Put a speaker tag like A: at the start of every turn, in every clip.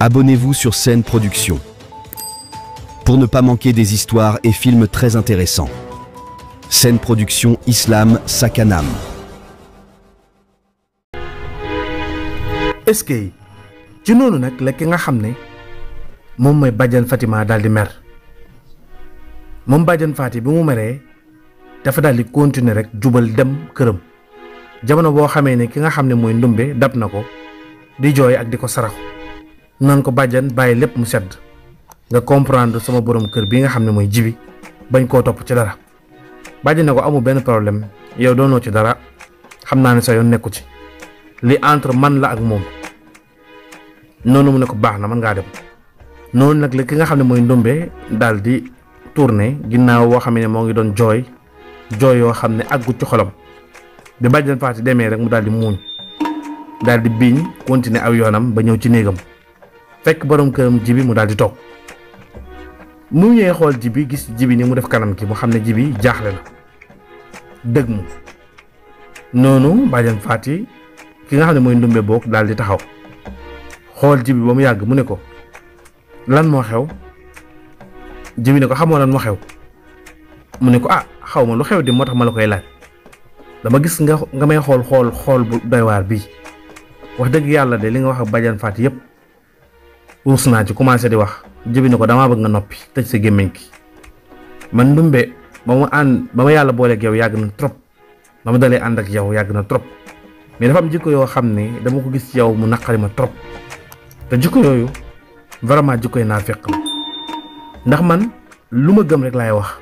A: abonnez-vous sur Scène pour ne pas manquer des histoires et films très intéressants. Scène Production Islam Sakanam. est-ce que ci noonu nag la ki nga xam ne moom mooy bàjjan Fatima daal di mer moom bàjjan Fati bi mu meree dafa daal di continuer rek jubal dem këram jamono boo xamee ne ki nga xam ne mooy ndumbe dab na ko di jooy ak di ko saraxu nan ko bàjjan bàyyi lépp mu sedd nga comprendre sama borom kër bi nga xam ne mooy jibi bañ koo topp ci dara bàjjan ne ko amul benn problème yow doonoo ci dara xam naa ne sa yoon nekku ci li entre man la ak moom noonu mu ne ko baax na mën ngaa dem noonu nag la ki nga xam ne mooy ndombe daal di tourné ginnaaw woo xam ne moo ngi doon jooy jooy yoo xam ne àggu ci xolom bi bàjjan faati demee rek mu daal di muuñ daal di biiñ continuer aw yoonam ba ñëw ci néegam fekk boroom këram jibi mu daal di toog mu ñëwee xool jibi gis jibi ni mu def kanam ki mu xam ne jibi jaaxle na dëgg mu noonu bàjjan faat yi ki nga xam ne mooy ndumbe boog daal di taxaw xool jibi ba mu yàgg mu ne ko lan moo xew jibi ne ko xamoo lan moo xew mu ne ko ah xaw ma lu xew di moo tax ma la koy laaj dama gis nga nga may xool xool xool bu doy waar bii wax dëgg yàlla de li nga wax ak bàjjan faat yëpp uus naa ci commencé di wax jëbi ne ko damaa bëgg nga noppi tëj sa gémmiñ ki man ndumbe ba mu ànd ba ma yàlla booleeg yow yàgg na trop ba ma dalee ànd ak yow yàgg na trop mais dafa am jikko yoo xam ne dama ko gis ci yow mu naqari ma trop te jikko yooyu vraiment jikkoy naa fekk ndax man lu ma gëm rek laay wax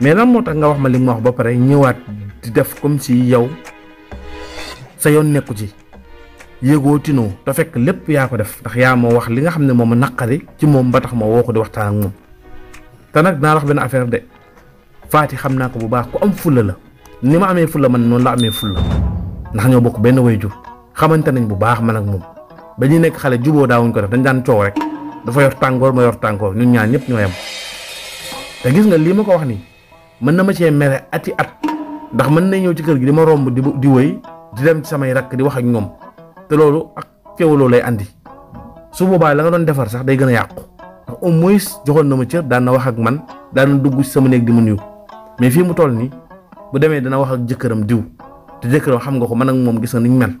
A: mais lan moo tax nga wax ma li mu wax ba pare ñëwaat di def comme si yow sa yoon nekku ci yëgoo tinoo te fekk lépp yaa ko def ndax yaa moo wax li nga xam ne moom ma naqari ci moom ba tax ma woo ko di waxtaan ak moom te nag dinaa wax benn affaire de faat Faati xam naa ko bu baax ku am fulla la ni ma amee fulla man noonu la amee fulla ndax ñoo bokk benn way jur xamante nañ bu baax man ak moom ba ñuy nekk xale juboo daawuñ ko def dañ daan coow rek dafa yor tàngoor ma yor tàngoor ñun ñaan ñëpp ñoo yem te gis nga lii ma ko wax nii mën na ma cee mere ati at ndax mën na ñëw ci kër gi di ma di di di dem ci samay rakk di wax ak ñoom te loolu ak féewaloo lay andi su boobaa la nga doon defar sax day gën a yàqu ndax au moins joxoon na ma cër daan na wax ak man daan dugg ci sama néeg di ma nuyu mais fii mu toll nii bu demee dana wax ak jëkkëram diw te jëkkëram xam nga ko man ak moom gis na niñ mel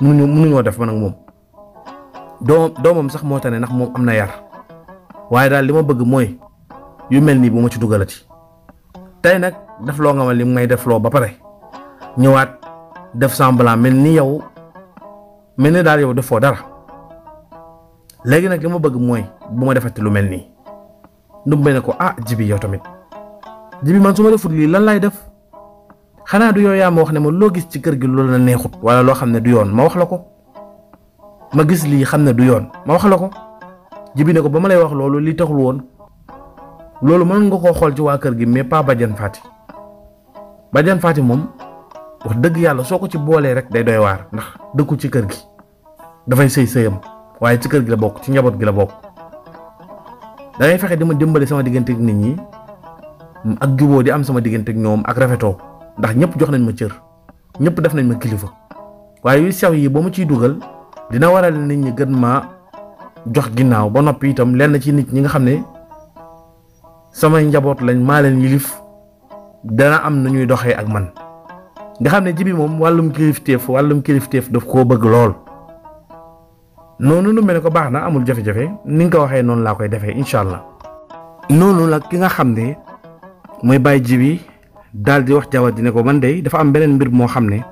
A: mënuñu def man ak moom doom doomam sax moo tane ndax moom am na yar waaye daal li ma bëgg mooy yu mel nii bu ma ci dugalati tey nag def loo nga ma li may def loo ba pare ñëwaat def semblant mel ni yow mel ni daal yow defoo dara léegi nag li ma bëgg mooy bu ma defati lu mel nii ndumbe ne ko ah jibi yow tamit jibi man su ma defut lii lan laay def xanaa du yow yaa ma wax ne ma loo gis ci kër gi loolu la neexut wala loo xam ne du yoon ma wax la ko ma gis lii xam ne du yoon ma wax ko jibi ne ko ba ma lay wax loolu li taxul woon loolu mën nga koo xool ci waa kër gi mais pas Badiane Fati Badiane Fati moom wax dëgg yàlla soo ko ci boolee rek day doy waar ndax dëkku ci kër gi dafay sëy sëyam waaye ci kër gi la bokk ci njaboot gi la bokk da fexe di ma dimbale sama diggante ak nit ñi ak juboo di am sama diggante ak ñoom ak rafetoo ndax ñëpp jox nañ ma cër ñëpp def nañ ma kilifa waaye yu sew yi ba mu ciy dugal dina waral nit ñi gën ma jox ginnaaw ba noppi itam lenn ci nit ñi nga xam ne samay njaboot lañ maa leen yilif dana am na ñuy doxee ak man nga xam ne jibi moom wàllum kilifteef wàllum kilifteef daf koo bëgg lool. noonu lu mel ne ko baax na amul jafe-jafe ni ko waxee noonu laa koy defee incha allah noonu la ki nga xam ne mooy bàyyi ji bi daal di wax jawat ji ne ko man dey dafa am beneen mbir moo xam ne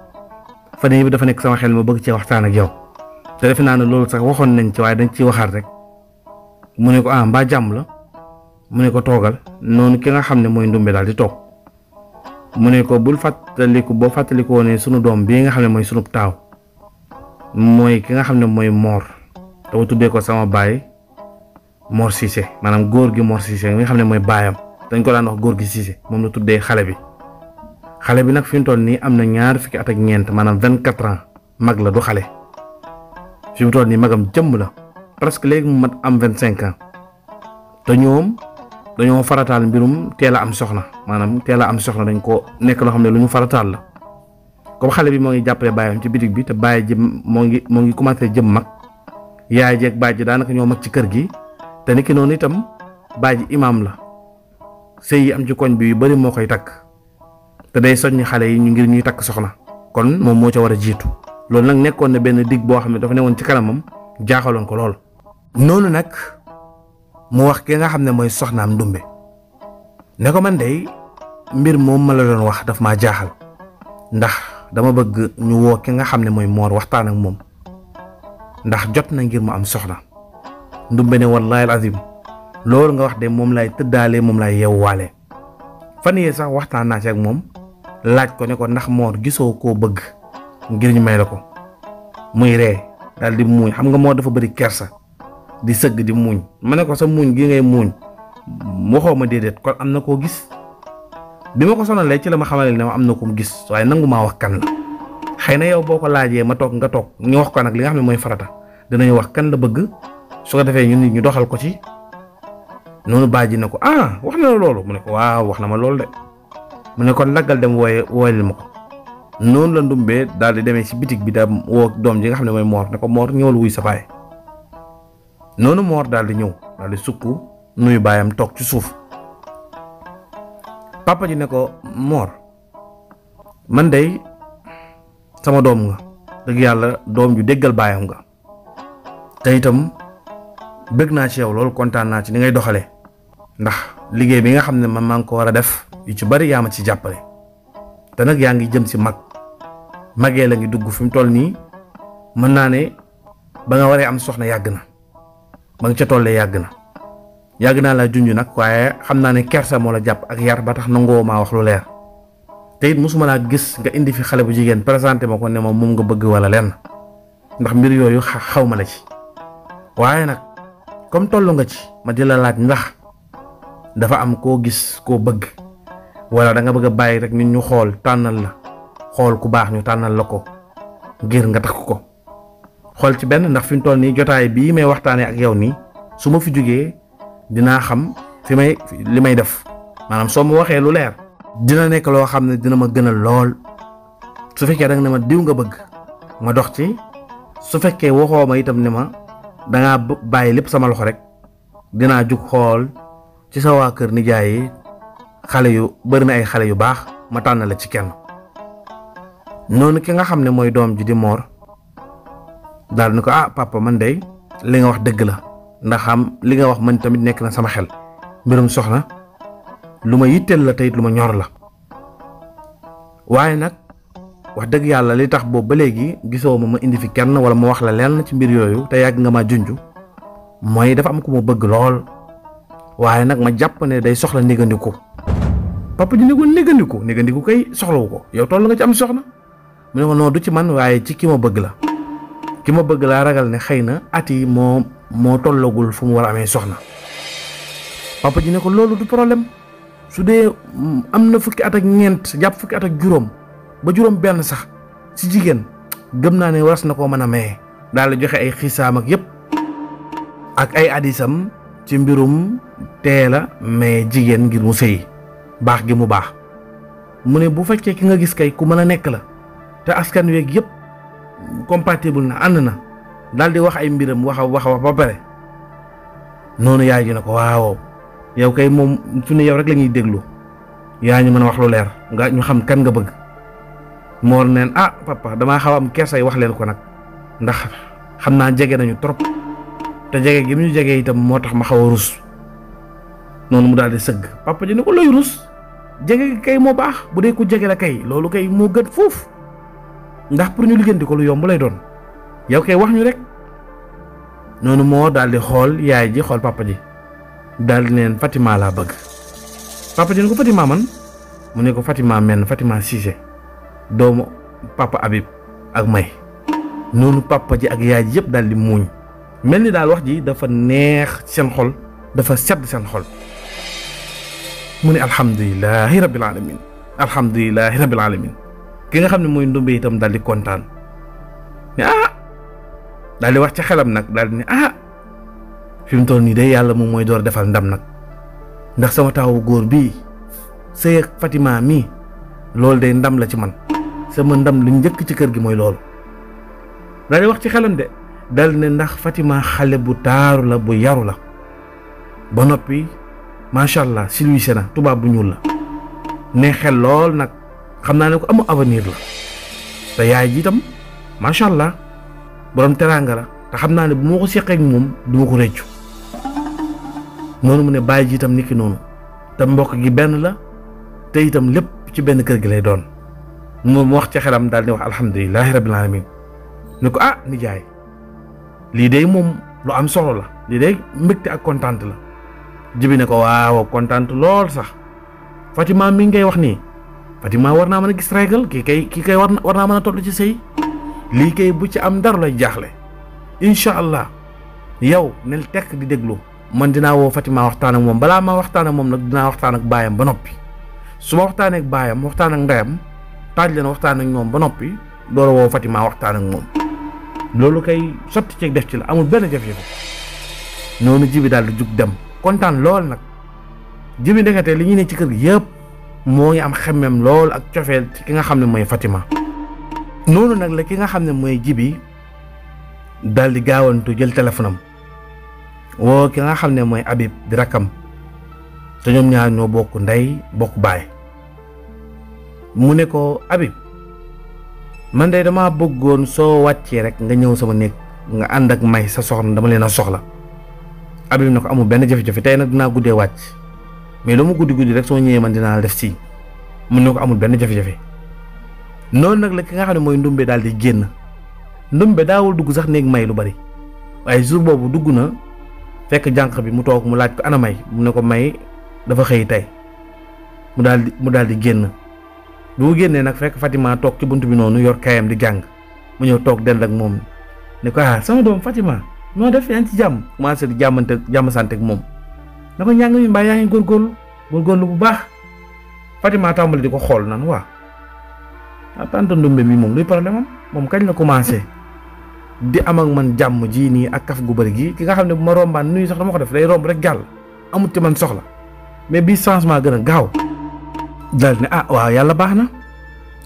A: fan yii dafa nekk sama xel ma bëgg cee waxtaan ak yow te ne loolu sax waxoon nañ ci waaye dañ ciy waxaat rek mu ne ko ah mbaa jàmm la mu ne ko toogal noonu ki nga xam ne mooy ndumbe daal di toog mu ne ko bul fàttaliku boo fàttalikoo ne sunu doom bii nga xam ne mooy sunu taaw mooy ki nga xam ne mooy moor. dama tuddee ko sama baay Mor Cissé maanaam góor gi Mor Cissé mi nga xam ne mooy baayam dañ ko daan wax góor gi Cissé moom la tuddee xale bi xale bi nag fi mu toll nii am na ñaari fukki at ak ñeent maanaam vingt quatre ans mag la du xale fi mu toll nii magam jëmm la parce que léegi mu mag am vingt cinq ans te ñoom dañoo farataal mbirum teel a am soxna maanaam teel am soxna dañ ko nekk loo xam ne lu ñu farataal la comme xale bi moo ngi jàppale baayam ci bitig bi te baay ji moo ngi moo ngi commencé jëm mag. yaay jeeg baay ji daanaka ñoo mag ci kër gi te niki noonu itam baay ji imaam la sëy yi am ci koñ bi yu bari moo koy takk te day soññ xale yi ñu ngir ñuy takk soxna kon moom moo ci war a jiitu loolu nag nekkoon na benn digg boo xam ne dafa newoon ci kanamam jaaxaloon ko lool. noonu nag mu wax ki nga xam ne mooy soxnaam dumbe ne ko man dey mbir moom ma la doon wax dafa maa jaaxal ndax dama bëgg ñu woo ki nga xam ne mooy moor waxtaan ak moom. ndax jot na ngir ma am soxna ndumbe ne wallaahi alazim loolu nga wax de moom lay tëddaalee moom lay yewwaale fan yee sax waxtaan naa ci ak moom laaj ko ne ko ndax moo gisoo koo bëgg ngir ñu may la ko muy ree daal di muuñ xam nga moo dafa bëri kersa di sëgg di muuñ ma ne ko sa muuñ gi ngay muuñ waxoo ma déedéet kon am na koo gis bi ma ko sonalee ci la ma xamal ne ma am na ko gis waaye nangu maa wax kan la xëy na yow boo ko laajee ma toog nga toog ñu wax ko nag li nga xam ne mooy farata dinañ wax kan la bëgg su ko defee ñun ñu doxal ko ci noonu bàjji na ko ah wax na la loolu mu ne ko waaw wax na ma loolu de mu ne kon naggal dem wooye wooyal ma ko noonu la ndumbee daal di demee si bitig bi daal woo doom ji nga xam ne mooy moor ne ko moor ñëwal wuy sa baay noonu daal di ñëw daal di sukk nuyu baayam toog ci suuf papa ji ne ko moor man dey sama doom nga dëgg yàlla doom ju déggal baayam nga te itam bëgg naa ci yow loolu kontaan naa ci ni ngay doxalee ndax liggéey bi nga xam ne man maa ngi ko war a def yu ci bari yaa ma ci jàppale te nag yaa ngi jëm si mag magee la ngi dugg fi mu toll nii mën naa ne ba nga waree am soxna yàgg na ba ngi ca tollee yàgg na yàgg naa laa junj nag waaye xam naa ne kersa moo la jàpp ak yar ba tax nangoo maa wax lu leer tey it mosuma laa gis nga indi fi xale bu jigéen présenté ma ko ne ma moom nga bëgg wala lenn ndax mbir yooyu ma la ci. waaye nag comme toll nga ci ma di la ndax dafa am koo gis koo bëgg walla danga nga bëgg a bàyyi rek nit ñu xool tànnal la xool ku baax ñu tànnal la ko ngir nga takk ko xool ci benn ndax fi mu toll nii jotaay bii may waxtaanee ak yow nii su ma fi jógee dinaa xam fi may li may def maanaam soo ma waxee lu leer dina nekk loo xam ne dina ma gënal lool su fekkee da nga ne ma diw nga bëgg ma dox ci su fekkee waxoo ma itam ne ma. dangaa bàyyi lépp sama loxo rek dinaa jug xool ci sa waa kër nijaay xale yu bëri na ay xale yu baax ma tànn la ci kenn noonu ki nga xam ne mooy doom ji di moor daal ni ko ah papa man dey li nga wax dëgg la ndaxam li nga wax man tamit nekk na sama xel mbirum soxna lu ma yitteel la teyit lu ma ñor la waaye nag wax dëgg yàlla li tax boobu ba léegi gisoo ma ma indi fi kenn wala ma wax la lenn ci mbir yooyu te yàgg nga ma junj mooy dafa am ko ma bëgg lool waaye nag ma jàpp ne day soxla négandiku papa ji ne ko négandiku négandiku kay soxlawu ko yow toll nga ci am soxna mu ne ma non du ci man waaye ci ki ma bëgg la ki ma bëgg laa ragal ne xëy na at yi moo moo tollagul fu mu war a amee soxna papa ji ne ko loolu du problème su dee mm, am na fukki at ak ñeent jàpp fukki at ak juróom. ba juróom benn sax ci jigéen gëm naa ne waras na koo mën a maye daal di joxe ay xisaam ak yëpp ak ay addisam ci mbirum teel la maye jigéen ngir mu sëy baax gi mu baax mu ne bu fekkee ki nga gis kay ku mën a nekk la te askan weeg yëpp compatible na ànd na daal di wax ay mbiram wax a wax ba pare noonu yaay ji ne ko waaw yow kay moom su ne yow rek la déglu yaa ñu mën a wax lu leer nga ñu xam kan nga bëgg. moor neen a ah, papa damaa xaw am kersay wax leen ko nag ndax xam naa jege nañu trop te jege gi mu ñu jege itam moo tax ma xaw a rus noonu mu daal di sëgg papa ji ne ko looy rus jege kay moo baax bu dee ko jege la kay loolu kay moo gën foofu ndax pour ñu liggéeyante ko lu yomb lay doon yow kay wax ñu rek noonu moo daal di xool yaay ji xool papa ji daal di neen Fatima laa bëgg papa ji ne ko Fatima man mu ne ko Fatima men Fatima Cissé doomu papa Habib ak May noonu papa ji ak yaay ji yëpp daal di muuñ mel ni daal wax ji dafa neex seen xol dafa sedd seen xol mu ne alhamdulilahi rabil alamin alhamdulilahi rabil alamin ki nga xam ne mooy ndumbe itam daal di kontaan ne ah daal di wax ci xelam nag daal di ne ah fi mu toll nii day yàlla moom mooy door defal ndam nag ndax sama taawu góor bii sëy ak Fatima mii loolu day ndam la ci man sama ndam li njëkk ci kër gi mooy loolu daal wax ci xelam de dal ne ndax Fatima xale bu taaru la bu yaru la ba noppi macha allah silwise na tubaab bu ñuul la ne xel lool nag xam naa ne ko amu avenir la te yaay ji itam macha allah borom teraanga la te xam naa ne bu ma ko seqee ak moom du ko rëccu noonu mu ne bàyyi ji itam ki noonu te mbokk gi benn la te itam lépp ci benn kër gi lay doon. mu wax ci xelam daal di wax alhamdulilahi rabbil alamin ni ko ah nijaay lii day moom lu am solo la lii day mbégte ak kontaan la jibi ne ko waaw kontaan lool sax Fatima mi ngay wax nii Fatima war naa mën a gis règle ki kay kii kay war war naa mën a toll ci sëy lii kay bu ci am dara lay jaaxle incha allah yow nel tekk di déglu man dinaa woo Fatima waxtaan ak moom balaa ma waxtaan ak moom nag dinaa waxtaan ak baayam ba noppi su ma waxtaanee ak waxtaan ak ndeyam taaj leen waxtaan ak moom ba noppi loolu woo Fatima waxtaan ak moom loolu kay sotti ceeg def ci la amul benn jafe-jafe noonu jibi daal di jug dem kontaan lool nag jibi ndekete li ñu ne ci kër gi yëpp moo ngi am xemmem lool ak cofeel ki nga xam ne mooy Fatima noonu nag la ki nga xam ne mooy jibi daal di gaawantu jël téléphone am woo ki nga xam ne mooy Habib di rakkam te ñoom ñaar ñoo bokk ndey bokk baay mu ne ko Habib man de damaa bëggoon soo wàccee rek nga ñëw sama néeg nga ànd ak may sa soxna dama leen a soxla Habib na ko amul benn jafe-jafe tey nag dinaa guddee wàcc mais lu ma guddi guddi rek soo ñëwee man dinaa def si mu ne ko amul benn jafe-jafe noonu nag la ki nga xam ne mooy ndumbe daal di génn ndumbe daawul dugg sax néeg may lu bari waaye jour boobu dugg na fekk jànq bi mu toog mu laaj ko ana may mu ne ko may dafa xëy tey mu daal mu daal di génn. bi mu génnee nag fekk Fatima toog ci bunt bi noonu yor kayam di jàng mu ñëw toog dell ak moom ne ko ah sama doom Fatima noo def yaa ngi ci jàmm commencé di jàmmante jàmm sante moom na ko njàng mi yaa ngi góorgóorlu bu baax Fatima tàmbali di ko xool nanu waa ah tante Ndumbe moom luy problème moom kañ la commencé di am ak man jàmm ji nii ak kaf gu bari gi ki nga xam ne bu ma rombaan nuyu sax dama ko def day romb rek jàll amut man soxla mais bii changement gën a gaaw. dal ne ah waaw yàlla baax na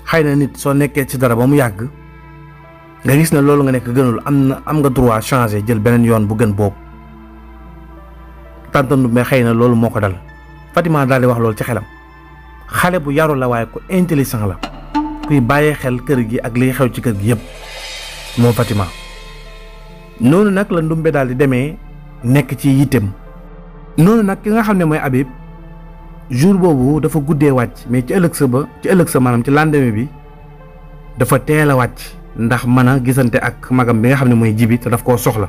A: xëy na nit soo nekkee ci dara ba mu yàgg nga gis ne loolu nga nekk gënul am na am nga droit changer jël beneen yoon bu gën boobu tàntandu mais xëy na loolu moo ko dal Fatima daal di wax loolu ci xelam xale bu yaru la waaye ku intelligent la kuy bàyyee xel kër gi ak liy xew ci kër gi yëpp moom Fatima noonu nag la ndumbe daal di demee nekk ci yittem noonu nag ki nga xam ne mooy Habib jour boobu dafa guddee wàcc mais ci ëllëg sa ba ci ëllëg sa maanaam ci lendemain bi dafa teela wàcc ndax mën a gisante ak magam bi nga xam ne mooy jibi te daf koo soxla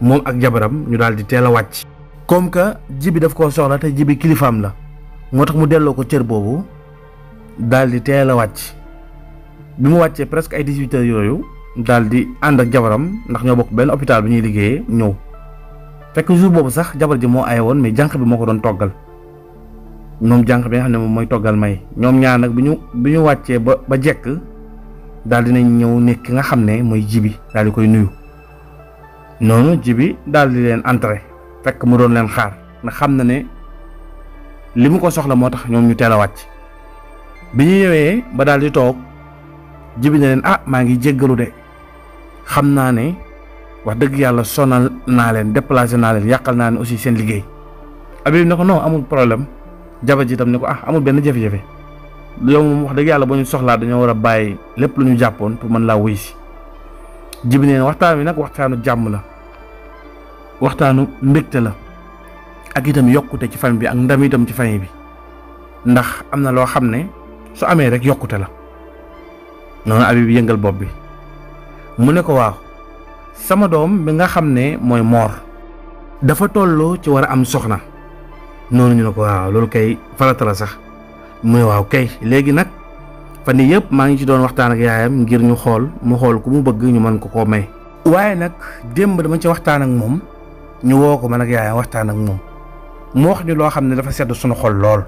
A: moom ak jabaram ñu daal di teel a wàcc. comme que jibi daf koo soxla te jibi kilifaam la moo tax mu delloo ko cër boobu daal di teel a wàcc bi mu wàccee presque ay 18 heures yooyu daal di ànd ak jabaram ndax ñoo bokk benn hôpital bi ñuy liggéeyee ñëw fekk jour boobu sax jabar ji moo ay woon mais jànq bi moo ko doon toggal. moom jànq bi nga xam ne moom mooy toggal may ñoom ñaar nag bu ñu bi ñu wàccee ba ba jekk daal nañ ñëw nekk ki nga xam ne mooy jibi daal di koy nuyu noonu jibi daal di leen entré fekk mu doon leen xaar ndax xam na ne li mu ko soxla moo tax ñoom ñu teel a wàcc bi ñu ñëwee ba daal di toog jibi na leen ah maa ngi jéggalu de xam naa ne wax dëgg yàlla sonal naa leen déplacé naa leen yàqal naa leen aussi seen liggéey Habib na ko non amul problème. jabar ji itam ne ko ah amul benn jafe-jafe yow moom wax dëgg yàlla ba ñu soxlaa dañoo war a bàyyi lépp lu ñu jàppoon pour mën laa wuy si jibi neen waxtaan wi nag waxtaanu jàmm la waxtaanu mbégte la ak itam yokkute ci famille bi ak ndam itam ci famille bi ndax am na loo xam ne su amee rek yokkute la noonu Habib yëngal bopp bi mu ne ko waaw sama doom bi nga xam ne mooy moor dafa tolloo ci war a am soxna noonu ñu ne ko waaw loolu kay farata sax mu ne waaw kay léegi nag fan yii yëpp maa ngi ci doon waxtaan ak yaayam ngir ñu xool mu xool ku mu bëgg ñu man ko koo may. waaye nag démb dama ci waxtaan ak moom ñu woo ko man ak yaayam waxtaan ak moom mu wax ñu loo xam ne dafa sedd suñu xol lool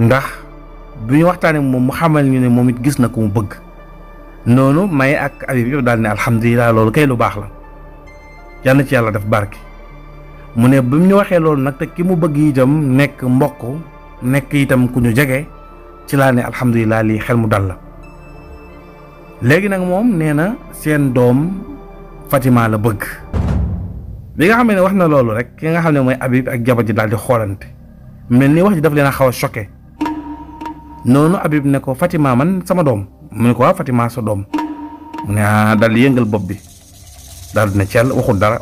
A: ndax bi ñu waxtaanee moom mu xamal ñu ne moom it gis na ku mu bëgg noonu may ak Habib yëpp daal ne alhamdulilah loolu kay lu baax la yal ci yàlla def barke. mu ne bi mu ñu waxee loolu nag te ki mu bëgg itam nekk mbokk nekk itam ku ñu jege ci laa ne alhamdulilah lii xel mu dal la léegi nag moom nee na seen doom Fatima la bëgg bi nga xam ne wax na loolu rek ki nga xam ne mooy Habib ak jabar ji daal di xoolante mel ni wax ji daf leen a xaw a choqué noonu Habib ne ko Fatima man sama doom mu ne ko waaw Fatima sa doom mu ne ah daal yëngal bopp bi daal di ne waxul dara.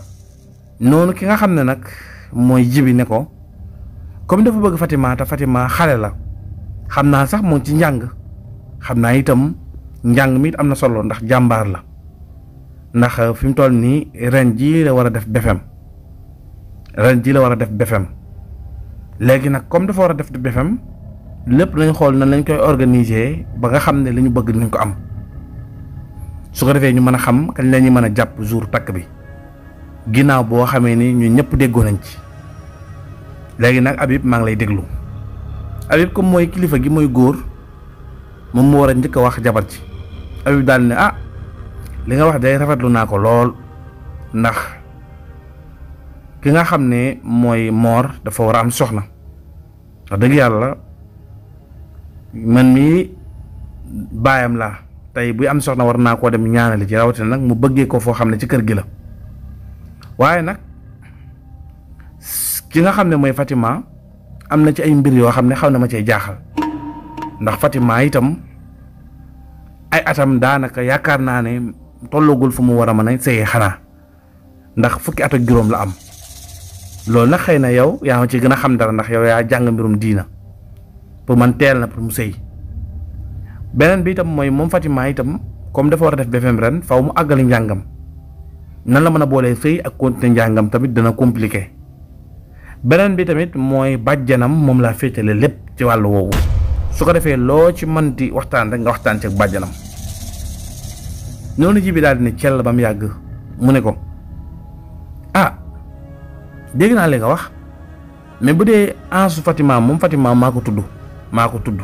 A: noonu ki nga xam ne nag mooy jibi ne ko comme dafa bëgg Fatima te Fatima xale la xam naa sax moom ci njàng xam naa itam njàng mi am na solo ndax jàmbaar la ndax fi mu toll nii ren ji la war a def BFEM ren war a def BFEM léegi nag comme dafa war a def BFEM lépp lañ xool na lañ koy organiser ba nga xam ne li ñu bëgg nañ ko am su ko defee ñu mën a xam kañ la ñuy mën a jàpp jour takk bi. ginnaaw boo xamee ni ñu ñëpp déggoo nañ ci léegi nag Habib maa ngi lay déglu Habib comme mooy kilifa gi mooy góor moom mu war a njëkk a wax jabar ji Habib daal ne ah li nga wax day rafetlu naa ko lool ndax ki nga xam ne mooy moor dafa war a am soxna wax dëgg yàlla man mii baayam laa tey buy am soxna war naa koo dem ñaanali ci rawatina nag mu bëggee ko foo xam ne ci kër gi la. waaye nag ki nga xam ne mooy Fatima am na ci ay mbir yoo xam ne xaw na ma cee jaaxal ndax Fatima itam ay atam daanaka yaakaar naa ne tollagul fu mu war a mën a sëyee xanaa ndax fukki atak juróom la am loolu nag xëy na yow yaa ma ci gën a xam dara ndax yow yaa jàng mbirum diina pour man teel na pour mu sëy beneen bi itam mooy moom Fatima itam comme dafa war a def BFM ren faw mu àggali njàngam. nan la mën a boolee sëy ak continuer njàngam tamit dana compliqué beneen bi tamit mooy bàjjanam moom laa féetale lépp ci wàllu woowu su ko defee loo ci man di waxtaan rek nga waxtaan ci ak bàjjanam noonu ji bi daal di ne cell ba mu yàgg mu ne ko ah dégg naa li nga wax mais bu dee Ansu Fatima moom Fatima maa ko tudd maa ko tudd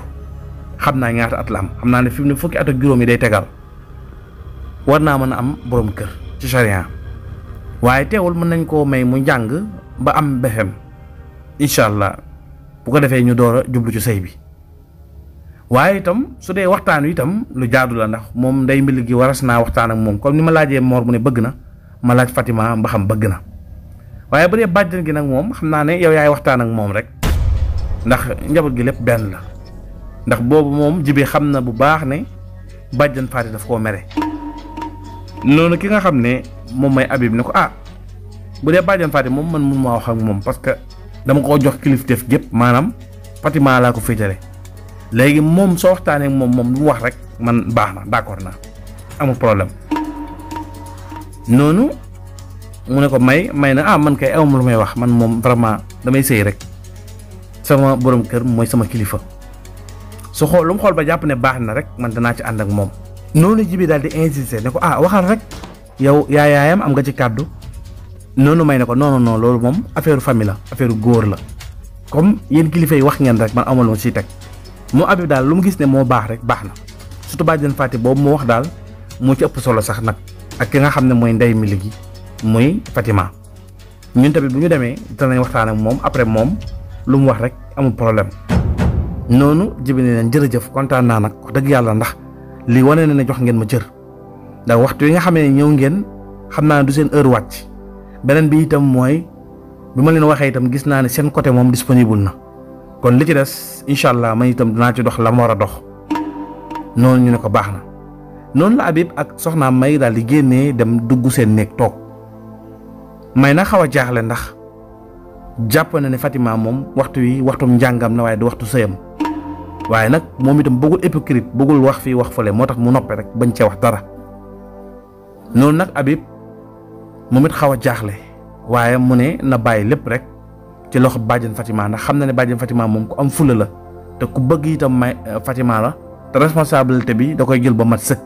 A: xam naa ñaata at la am xam naa ne fi mu fukki at ak juróom yi day tegal war naa mën a am boroom kër ci charia waaye teewul mën nañ koo may mu jàng ba am bexem incha allah bu ko defee ñu door a jublu ci sëy bi waaye itam su dee waxtaan wi itam lu jaadu la ndax moom nday mbil gi waras naa waxtaan ak moom comme ni ma laajee Mor mu ne bëgg na ma laaj Fatima mba xam bëgg na waaye bu dee bàjjan gi nag moom xam naa ne yow yaay waxtaan ak moom rek ndax njaboot gi lépp benn la ndax boobu moom jibi xam na bu baax ne bàjjan Faati daf koo mere noonu ki nga xam moom may Habib ne ko ah bu dee bàjjan Fatim moom man mun maa wax ak moom parce que dama koo jox kilifteef gépp maanaam Fatima laa ko féetale léegi moom soo waxtaanee moom moom lu mu wax rek man baax na d'accord naa amul problème noonu mu ne ko may may na ah man kay awma may wax man moom vraiment damay sëy rek sama boroom kër mooy sama kilifa su xool lu mu xool ba jàpp ne baax na rek man danaa ci ànd ak moom noonu jibi daal di insister ne ko ah waxal rek yow yaayaayam yaayam am nga ci kàddu noonu may ne ko non non loolu moom affaire famille la affaire góor la comme yéen kilifa wax ngeen rek man amal si teg moo Habib daal lu mu gis ne moo baax rek baax na surtout bàjjen fàtte boobu moo wax daal moo ci ëpp solo sax nag ak ki nga xam ne mooy ndey mi léegi muy Fatima ñun tamit bu ñu demee danañ waxtaan ak moom après moom lu mu wax rek amul problème. noonu jibine leen jërëjëf kontaan naa nag wax dëgg yàlla ndax li wane na ne jox ngeen ma cër. ndax waxtu wi nga xamee ñëw ngeen xam naa du seen heure wàcc beneen bi itam mooy bi ma leen waxee itam gis naa ne seen côté moom disponible na kon li ci des incha allah man itam dinaa ci dox la ma war a dox noonu ñu ne ko baax na noonu la Habib ak soxnaa May daal di génnee dem dugg seen néeg toog May na xaw a jaaxle ndax jàpp na ne Fatima moom waxtu wi waxtum njàngam na waaye du waxtu sëyam waaye nag moom itam bëggul hypocrite bëggul wax fii wax fële moo tax mu noppe rek bañ cee wax dara. noonu nag Habib moom it xaw a jaaxle waaye mu ne na bàyyi lépp rek ci loxo bàjjen Fatima ndax xam na ne bàjjen fatimaa moom ku am fulla la te ku bëgg itam may euh, Fatima la te responsabilité bi da koy jël ba mat sëkk.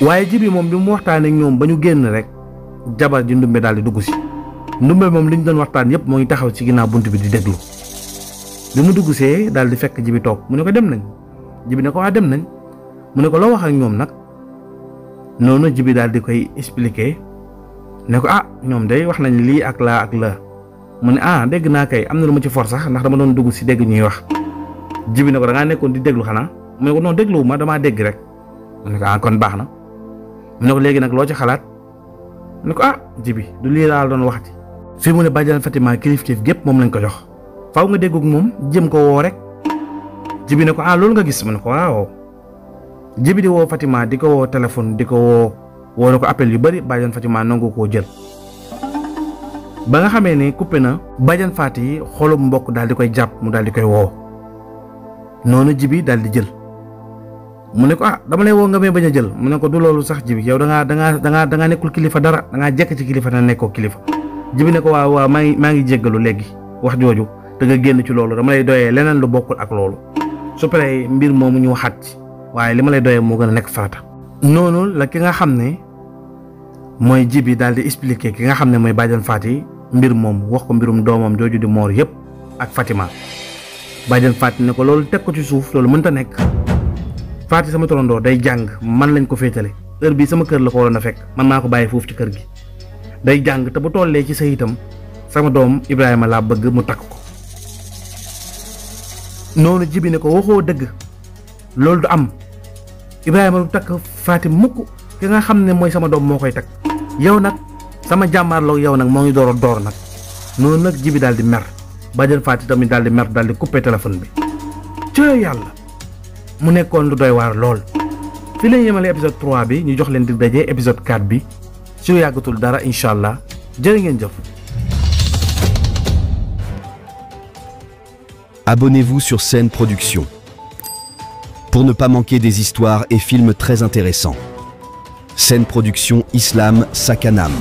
A: waaye ji moom bi mu waxtaanee ñoom ba ñu génn rek jabar ji ndumbe daal di dugg si ndumbe moom li ñu doon waxtaan yëpp moo ngi taxaw ci ginnaaw bunt bi di déglu bi mu duggsee see daal di fekk ji toog mu ne ko dem nañ ji bi ne ko waa dem nañ mu ne ko loo wax ak ñoom nag. noonu jibi daal di koy expliquer ne ko ah ñoom day wax nañ lii ak laa ak la mu ne ah dégg naa kay am na lu ma ci for sax ndax dama doon dugg si dégg ñuy wax jibi ne ko da nekkoon di déglu xanaa mu ne ko non ma damaa dégg rek mu ne ko ah kon baax na mu léegi nag loo ci xalaat mu ko ah jibi du lii laa doon waxti fii mu ne bàjjan Fatima kilifteef gépp moom lañ ko jox faaw nga déggoog moom jëm ko woo rek jibi ne ko ah loolu nga gis mu ne ko waaw jibi di woo Fatima di ko woo téléphone di ko woo woo na ko appel yu bëri bàjjan Fatima nangu koo jël ba nga xamee ni coupé na bàjjan Faati yi xolum mbokk daal di koy jàpp mu daal di koy woo noonu jibi daal di jël mu ne ko ah dama lay woo nga may bañ a jël mu ne ko du loolu sax jibi yow danga danga da ngaa da ngaa nekkul kilifa dara da jekk ci kilifa na nekkoo kilifa jibi ne ko waaw waaw maa ngi maa ngi jéggalu léegi wax jooju te nga génn ci loolu dama lay leneen lu bokkul ak loolu su paree mbir moomu ñu waxaat ci waaye li ma lay doyee moo gën a nekk farata. noonu la ki nga xam ne mooy ji bi daal di expliquer ki nga xam ne mooy bàjjan Faty mbir moom wax ko mbirum doomam jooju di moor yëpp ak Fatima bàjjan Faty ne ko loolu teg ko ci suuf loolu mënta nekk Faty sama torondoo day jàng man lañ ko féetale eur bii sama kër la ko waroon a fekk man maa ko bàyyi foofu ci kër gi day jàng te bu tollee ci sa itam sama doom Ibrahima laa bëgg mu takk ko noonu jibi ne ko waxoo dëgg. loolu du am Ibrahima du takk faati mukk ki nga xam ne mooy sama doom moo koy takk yow nag sama jàmmaarloog yow nag moo ngi door a door nag noonu nag jibi daal di ba bàjjen Fatim tamit daal di mer daal di coupé téléphone bi ci yàlla mu nekkoon lu doy waar lool. fi leen yemale épisode 3 bi ñu jox leen di daje épisode 4 bi su yàggatul dara incha allah jërë ngeen jëf. Abonnez-vous pour ne pas manquer des histoires et films très intéressants. Scène Production Islam Sakanam.